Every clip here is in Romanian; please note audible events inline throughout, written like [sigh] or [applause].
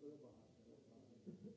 Să vă mulțumesc pentru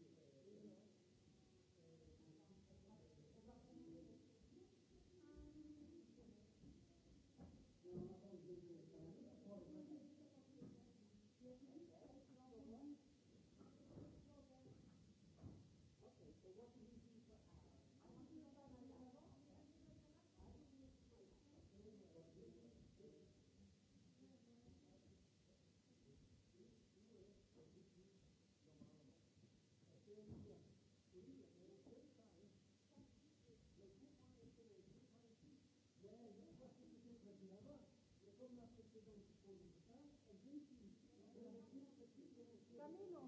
Camilo.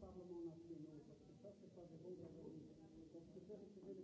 Parlement nationaux, parce que ça, c'est pas des bons arguments. Donc, je préfère retirer les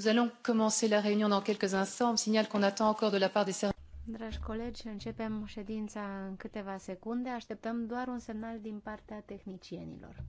Nous allons commencer la réunion dans quelques instants. On signale qu'on attend encore de la part des services. Dragi colegi, începem ședința în câteva secunde. Așteptăm doar un semnal din partea tehnicienilor.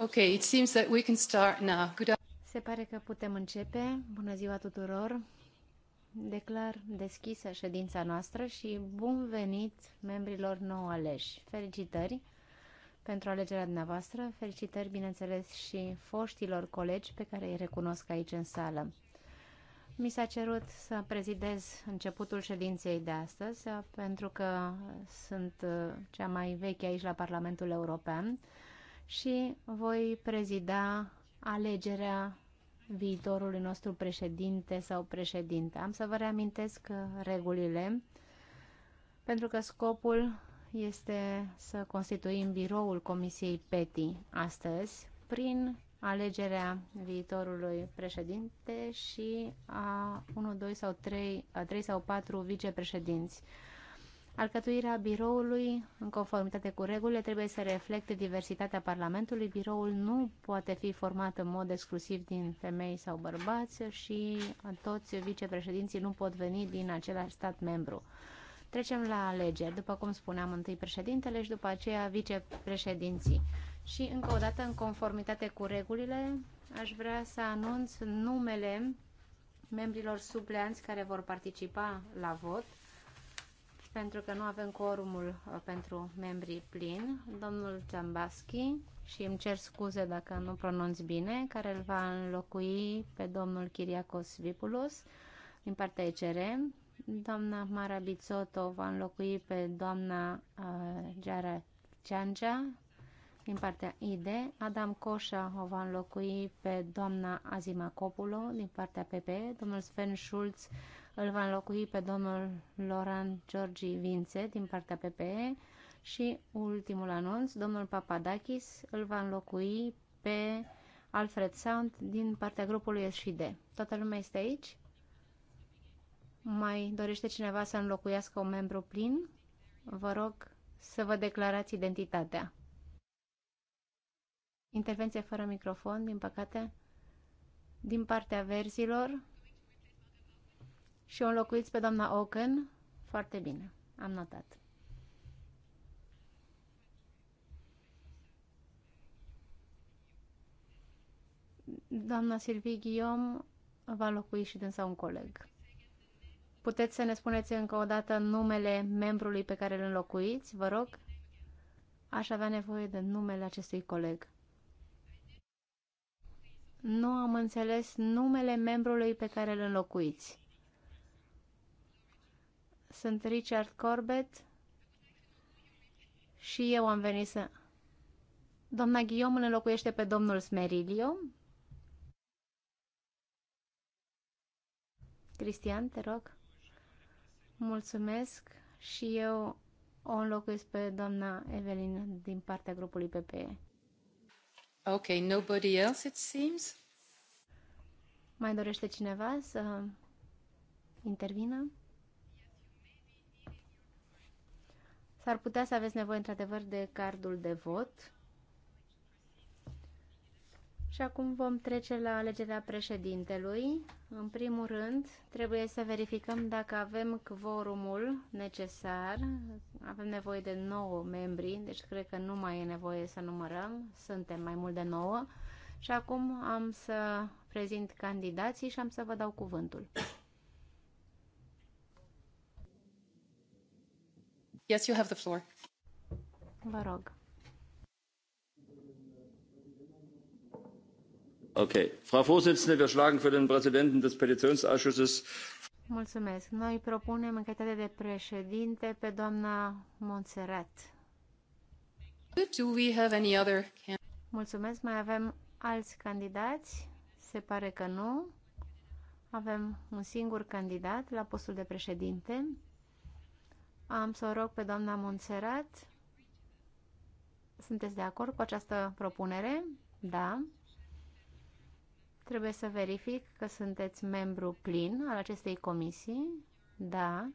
Ok, it seems that we can start now. Good Se pare că putem începe. Bună ziua tuturor! Declar deschisă ședința noastră și bun venit membrilor nou aleși. Felicitări pentru alegerea dumneavoastră, felicitări, bineînțeles, și foștilor colegi pe care îi recunosc aici în sală. Mi s-a cerut să prezidez începutul ședinței de astăzi, pentru că sunt uh, cea mai veche aici la Parlamentul European și voi prezida alegerea viitorului nostru președinte sau președinte. Am să vă reamintesc regulile, pentru că scopul este să constituim biroul Comisiei PETI astăzi prin alegerea viitorului președinte și a 1, 2 sau 3, 3 sau 4 vicepreședinți. Alcătuirea biroului, în conformitate cu regulile, trebuie să reflecte diversitatea Parlamentului. Biroul nu poate fi format în mod exclusiv din femei sau bărbați și toți vicepreședinții nu pot veni din același stat membru. Trecem la alegeri, după cum spuneam, întâi președintele și după aceea vicepreședinții. Și încă o dată, în conformitate cu regulile, aș vrea să anunț numele membrilor supleanți care vor participa la vot pentru că nu avem uh, pentru membrii plini, domnul Ciambaschi, și îmi cer scuze dacă nu pronunț bine, care îl va înlocui pe domnul Chiriacos Vipulos din partea ECR. Doamna Mara Bizzotto va înlocui pe doamna uh, Giara Ciangea din partea ID. Adam Coșa o va înlocui pe doamna Azima Copulo din partea PP. Domnul Sven Schulz îl va înlocui pe domnul Loran Georgi Vințe din partea PPE și ultimul anunț, domnul Papadakis îl va înlocui pe Alfred Sound din partea grupului SFD. Toată lumea este aici? Mai dorește cineva să înlocuiască un membru plin? Vă rog să vă declarați identitatea. Intervenție fără microfon, din păcate. Din partea verzilor, și o înlocuiți pe doamna Oken, foarte bine, am notat. Doamna Silvi Ghiom va locui și dânsa un coleg. Puteți să ne spuneți încă o dată numele membrului pe care îl înlocuiți, vă rog? Aș avea nevoie de numele acestui coleg. Nu am înțeles numele membrului pe care îl înlocuiți sunt Richard Corbett și eu am venit să... Doamna Ghiom îl înlocuiește pe domnul Smerilio. Cristian, te rog. Mulțumesc și eu o înlocuiesc pe doamna Evelyn din partea grupului PPE. Ok, nobody else it seems. Mai dorește cineva să intervină? S-ar putea să aveți nevoie într-adevăr de cardul de vot. Și acum vom trece la alegerea președintelui. În primul rând, trebuie să verificăm dacă avem quorumul necesar. Avem nevoie de 9 membri, deci cred că nu mai e nevoie să numărăm. Suntem mai mult de 9. Și acum am să prezint candidații și am să vă dau cuvântul. Yes, you have the floor. Vă rog. Okay. Frau Vorsitzende, wir schlagen für den Präsidenten des Petitionsausschusses Mulțumesc. Noi propunem în calitate de președinte pe doamna Montserrat. Do we have any other Mulțumesc. Mai avem alți candidați? Se pare că nu. Avem un singur candidat la postul de președinte. Am să o rog pe doamna Montserrat. Sunteți de acord cu această propunere? Da. Trebuie să verific că sunteți membru plin al acestei comisii. Da.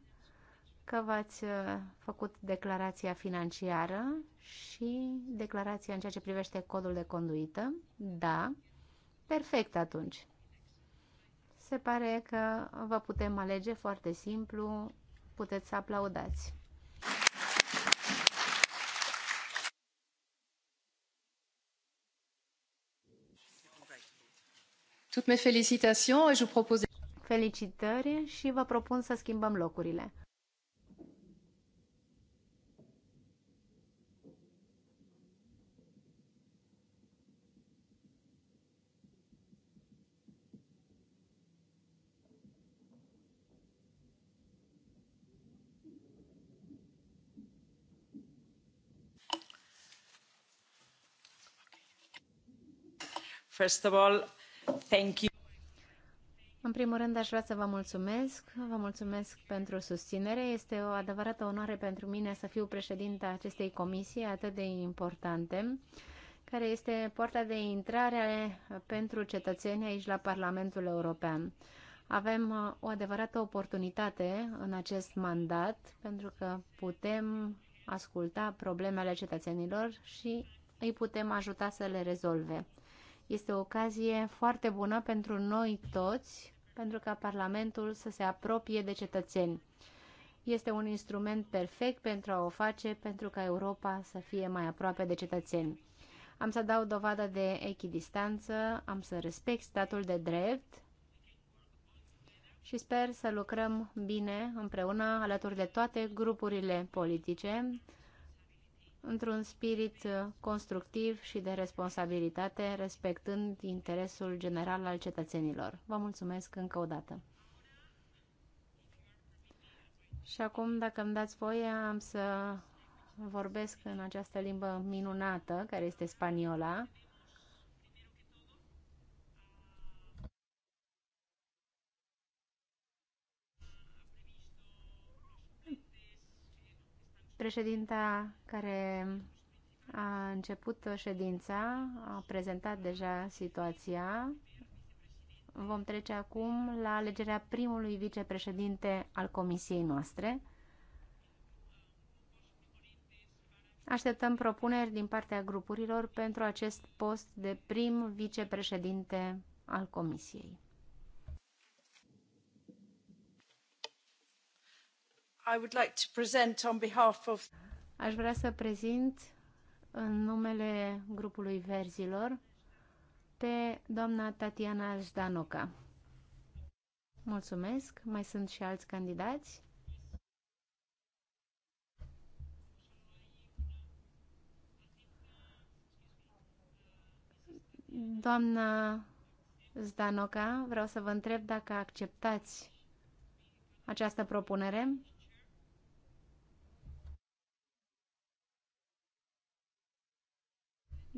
Că v-ați uh, făcut declarația financiară și declarația în ceea ce privește codul de conduită. Da. Perfect atunci. Se pare că vă putem alege foarte simplu puteți să aplaudați. Toutes mes félicitations et je vous propose Felicitări și vă propun să schimbăm locurile. În primul rând aș vrea să vă mulțumesc, vă mulțumesc pentru susținere. Este o adevărată onoare pentru mine să fiu președinta acestei comisii atât de importante, care este poarta de intrare pentru cetățenii aici la Parlamentul European. Avem uh, o adevărată oportunitate în acest mandat, pentru că putem asculta problemele cetățenilor și îi putem ajuta să le rezolve. Este o ocazie foarte bună pentru noi toți, pentru ca Parlamentul să se apropie de cetățeni. Este un instrument perfect pentru a o face, pentru ca Europa să fie mai aproape de cetățeni. Am să dau dovadă de echidistanță, am să respect statul de drept și sper să lucrăm bine împreună alături de toate grupurile politice, într-un spirit uh, constructiv și de responsabilitate, respectând interesul general al cetățenilor. Vă mulțumesc încă o dată. Și acum, dacă îmi dați voie, am să vorbesc în această limbă minunată, care este spaniola. Președinta care a început ședința, a prezentat deja situația. Vom trece acum la alegerea primului vicepreședinte al comisiei noastre. Așteptăm propuneri din partea grupurilor pentru acest post de prim vicepreședinte al comisiei. Aș vrea să prezint în numele grupului Verzilor pe doamna Tatiana Jdanoca. Mulțumesc. Mai sunt și alți candidați? Doamna Zdanoca, vreau să vă întreb dacă acceptați această propunere.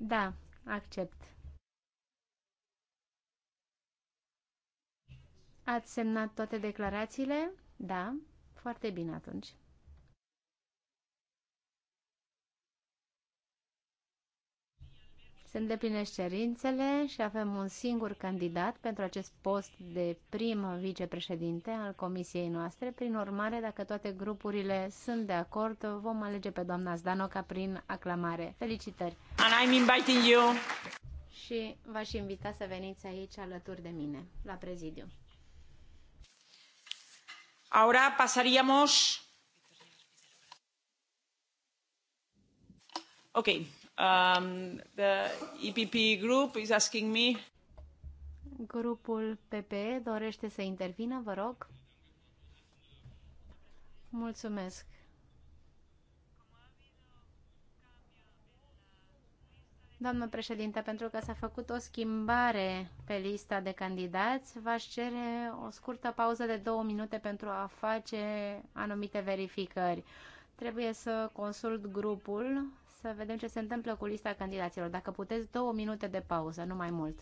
Da, accept. Ați semnat toate declarațiile? Da, foarte bine atunci. se îndeplinesc cerințele și avem un singur candidat pentru acest post de prim vicepreședinte al comisiei noastre. Prin urmare, dacă toate grupurile sunt de acord, vom alege pe doamna Zdanoca prin aclamare. Felicitări! And I'm inviting you. Și v-aș invita să veniți aici alături de mine, la prezidiu. Ahora pasaríamos... Ok, Um, the EPP group is asking me. Grupul PPE dorește să intervină, vă rog. Mulțumesc. Doamnă președinte, pentru că s-a făcut o schimbare pe lista de candidați, v-aș cere o scurtă pauză de două minute pentru a face anumite verificări. Trebuie să consult grupul să vedem ce se întâmplă cu lista candidaților. Dacă puteți, două minute de pauză, nu mai mult.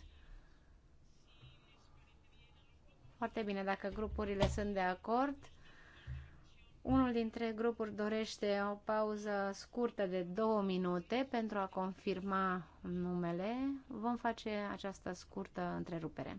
Foarte bine, dacă grupurile sunt de acord. Unul dintre grupuri dorește o pauză scurtă de două minute pentru a confirma numele. Vom face această scurtă întrerupere.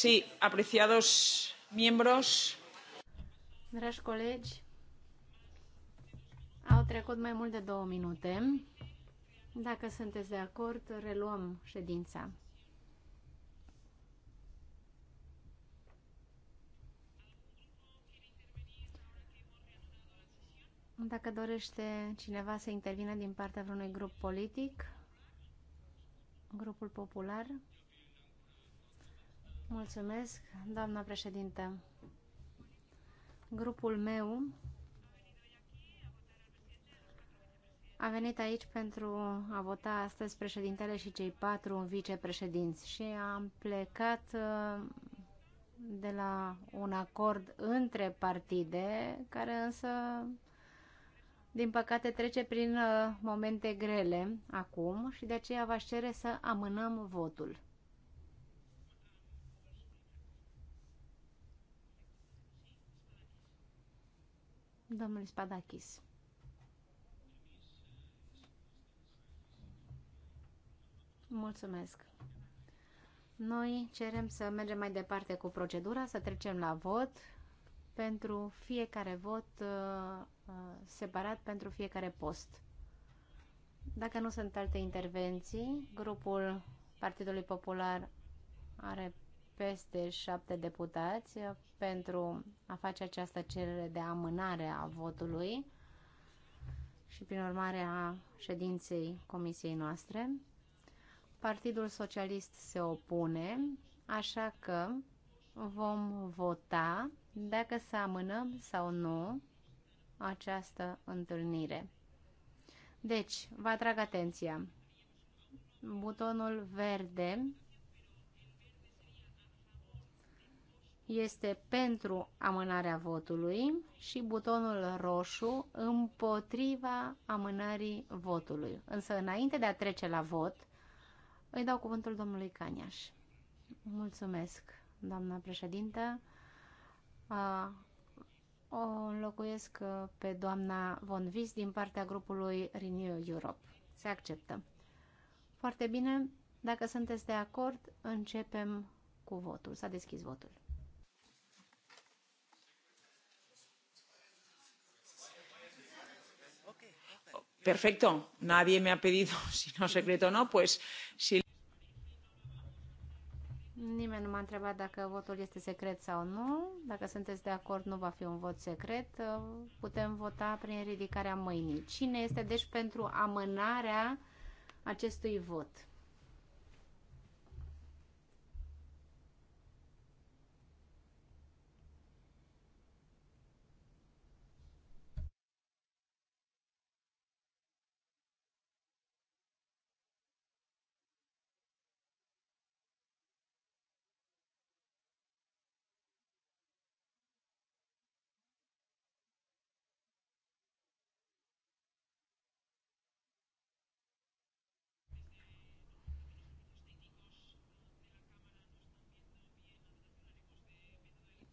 Sí, apreciados miembros. Dragi colegi, au trecut mai mult de două minute. Dacă sunteți de acord, reluăm ședința. Dacă dorește cineva să intervină din partea vreunui grup politic, grupul popular, Mulțumesc, doamna președinte. Grupul meu a venit aici pentru a vota astăzi președintele și cei patru vicepreședinți și am plecat uh, de la un acord între partide, care însă, din păcate, trece prin uh, momente grele acum și de aceea v-aș cere să amânăm votul. domnului Spadachis. Mulțumesc. Noi cerem să mergem mai departe cu procedura, să trecem la vot pentru fiecare vot uh, uh, separat pentru fiecare post. Dacă nu sunt alte intervenții, grupul Partidului Popular are peste șapte deputați pentru a face această cerere de amânare a votului și prin urmare a ședinței comisiei noastre. Partidul Socialist se opune, așa că vom vota dacă să amânăm sau nu această întâlnire. Deci, vă atrag atenția. Butonul verde este pentru amânarea votului și butonul roșu împotriva amânării votului. Însă, înainte de a trece la vot, îi dau cuvântul domnului Caniaș. Mulțumesc, doamna președintă. O înlocuiesc pe doamna Von Vis din partea grupului Renew Europe. Se acceptă. Foarte bine, dacă sunteți de acord, începem cu votul. S-a deschis votul. perfecto nadie me ha pedido [laughs] si no secreto o no pues si Nimeni nu m-a întrebat dacă votul este secret sau nu. Dacă sunteți de acord, nu va fi un vot secret. Putem vota prin ridicarea mâinii. Cine este deci pentru amânarea acestui vot?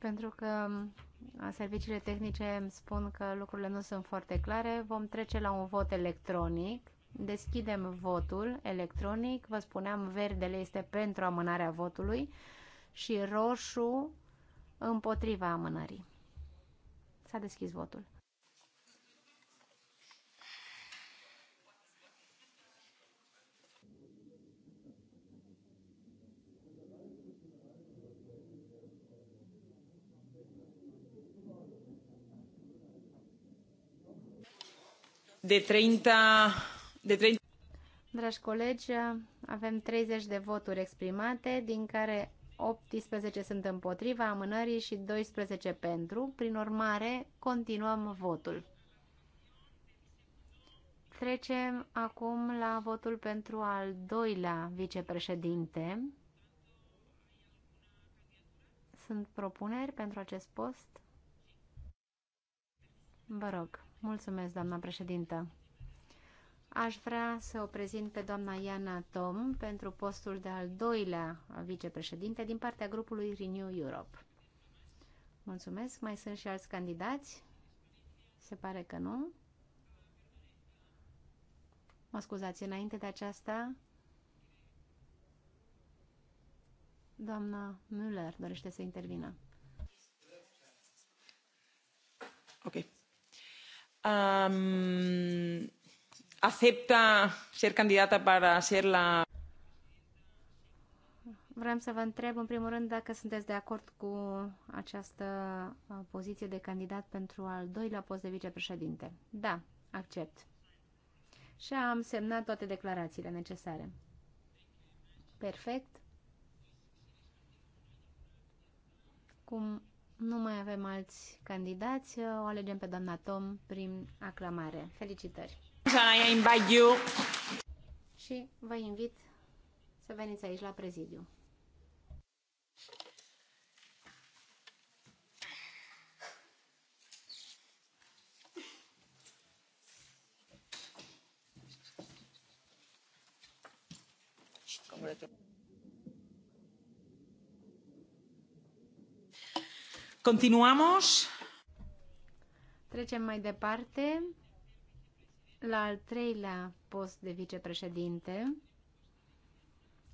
pentru că mm, serviciile tehnice îmi spun că lucrurile nu sunt foarte clare. Vom trece la un vot electronic. Deschidem votul electronic. Vă spuneam, verdele este pentru amânarea votului și roșu împotriva amânării. S-a deschis votul. de 30... De 30... Dragi colegi, avem 30 de voturi exprimate, din care 18 sunt împotriva amânării și 12 pentru. Prin urmare, continuăm votul. Trecem acum la votul pentru al doilea vicepreședinte. Sunt propuneri pentru acest post? Vă rog. Mulțumesc, doamna președintă. Aș vrea să o prezint pe doamna Iana Tom pentru postul de al doilea vicepreședinte din partea grupului Renew Europe. Mulțumesc. Mai sunt și alți candidați? Se pare că nu. Mă scuzați, înainte de aceasta, doamna Müller dorește să intervină. Ok um, să ser candidată a fi la... Vreau să vă întreb, în primul rând, dacă sunteți de acord cu această uh, poziție de candidat pentru al doilea post de vicepreședinte. Da, accept. Și am semnat toate declarațiile necesare. Perfect. Cum nu mai avem alți candidați, o alegem pe doamna Tom prin aclamare. Felicitări! Și vă invit să veniți aici la prezidiu. Gracias. Continuamos. Trecem mai departe la al treilea post de vicepreședinte.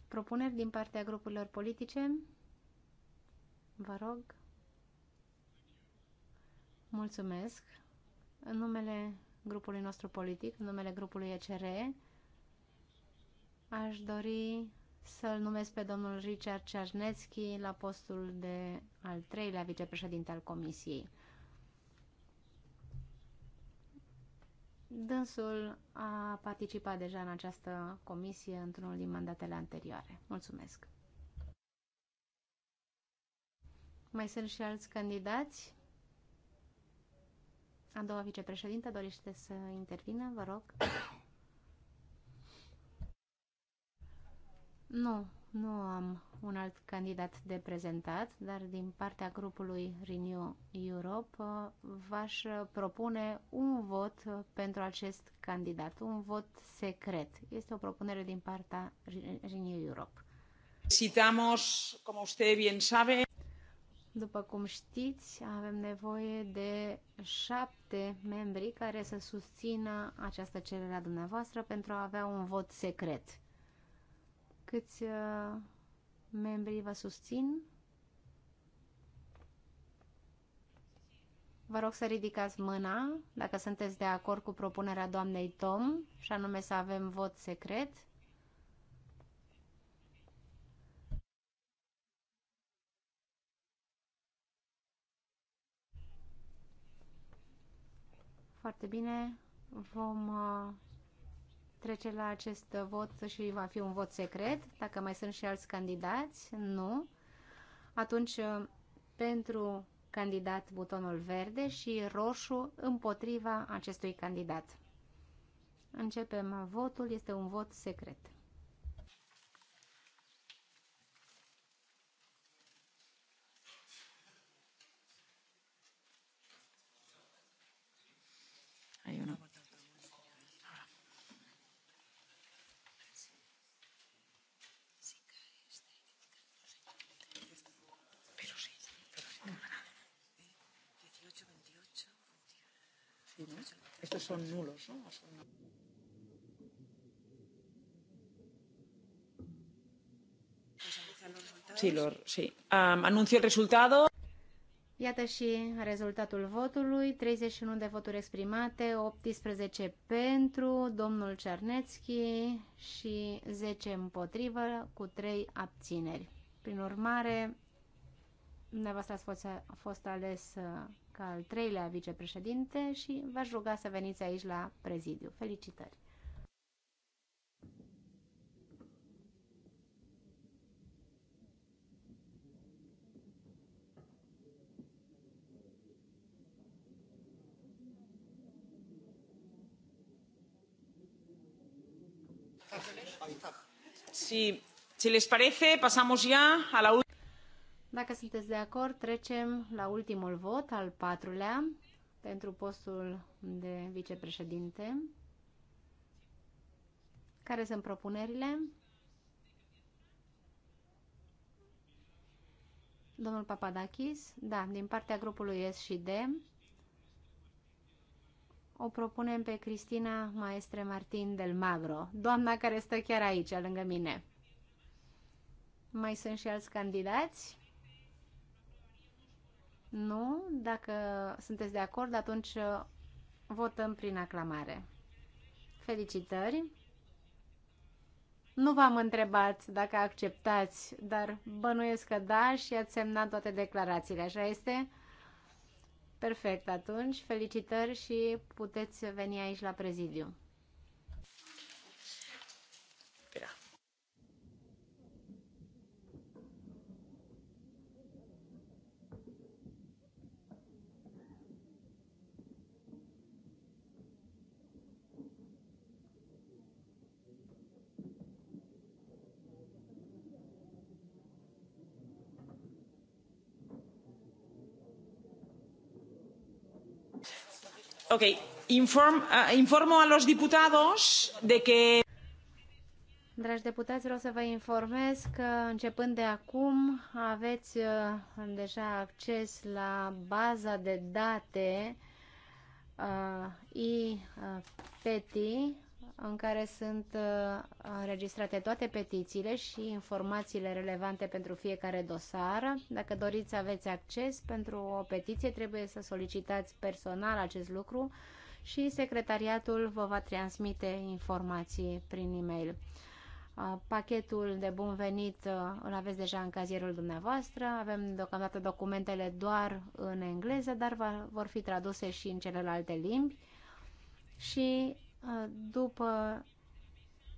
Propuneri din partea grupurilor politice? Vă rog. Mulțumesc. În numele grupului nostru politic, în numele grupului ECR, aș dori să-l numesc pe domnul Richard Cernețchi la postul de al treilea vicepreședinte al Comisiei. Dânsul a participat deja în această comisie într-unul din mandatele anterioare. Mulțumesc! Mai sunt și alți candidați? A doua vicepreședinte dorește să intervină, vă rog. Nu, nu am un alt candidat de prezentat, dar din partea grupului Renew Europe uh, v-aș uh, propune un vot uh, pentru acest candidat, un vot secret. Este o propunere din partea Renew Europe. Citamos, como usted bien sabe, după cum știți, avem nevoie de șapte membri care să susțină această cerere a dumneavoastră pentru a avea un vot secret. Câți uh, membrii vă susțin? Vă rog să ridicați mâna dacă sunteți de acord cu propunerea doamnei Tom și anume să avem vot secret. Foarte bine, vom uh, trece la acest vot și va fi un vot secret, dacă mai sunt și alți candidați, nu. Atunci, pentru candidat butonul verde și roșu împotriva acestui candidat. Începem votul, este un vot secret. son nulos, ¿no? sea, Sí, lor, sí. Um, anunțiu rezultatul. Iată și rezultatul votului, 31 de voturi exprimate, 18 pentru, domnul Cernețchi și 10 împotrivă, cu 3 abțineri. Prin urmare, dumneavoastră ați a fost ales uh, ca al treilea vicepreședinte și v-aș ruga să veniți aici la prezidiu. Felicitări! Si, si les parece, pasamos ya a la última. Dacă sunteți de acord, trecem la ultimul vot, al patrulea, pentru postul de vicepreședinte. Care sunt propunerile? Domnul Papadakis? Da, din partea grupului S și D. O propunem pe Cristina Maestre Martin del Magro, doamna care stă chiar aici, lângă mine. Mai sunt și alți candidați? Nu? Dacă sunteți de acord, atunci uh, votăm prin aclamare. Felicitări! Nu v-am întrebat dacă acceptați, dar bănuiesc că da și ați semnat toate declarațiile, așa este? Perfect, atunci felicitări și puteți veni aici la prezidiu. Okay. Inform, uh, informo a los diputados de que... Dragi deputați, vreau să vă informez că începând de acum aveți uh, deja acces la baza de date uh, eh, i-peti în care sunt uh, înregistrate toate petițiile și informațiile relevante pentru fiecare dosar. Dacă doriți să aveți acces pentru o petiție, trebuie să solicitați personal acest lucru și secretariatul vă va transmite informații prin e-mail. Uh, pachetul de bun venit uh, îl aveți deja în cazierul dumneavoastră. Avem deocamdată documentele doar în engleză, dar vor fi traduse și în celelalte limbi. Și după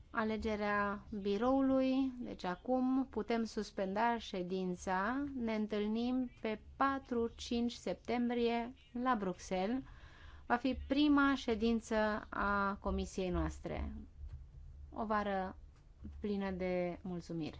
alegerea biroului, deci acum putem suspenda ședința, ne întâlnim pe 4-5 septembrie la Bruxelles. Va fi prima ședință a comisiei noastre. O vară plină de mulțumiri.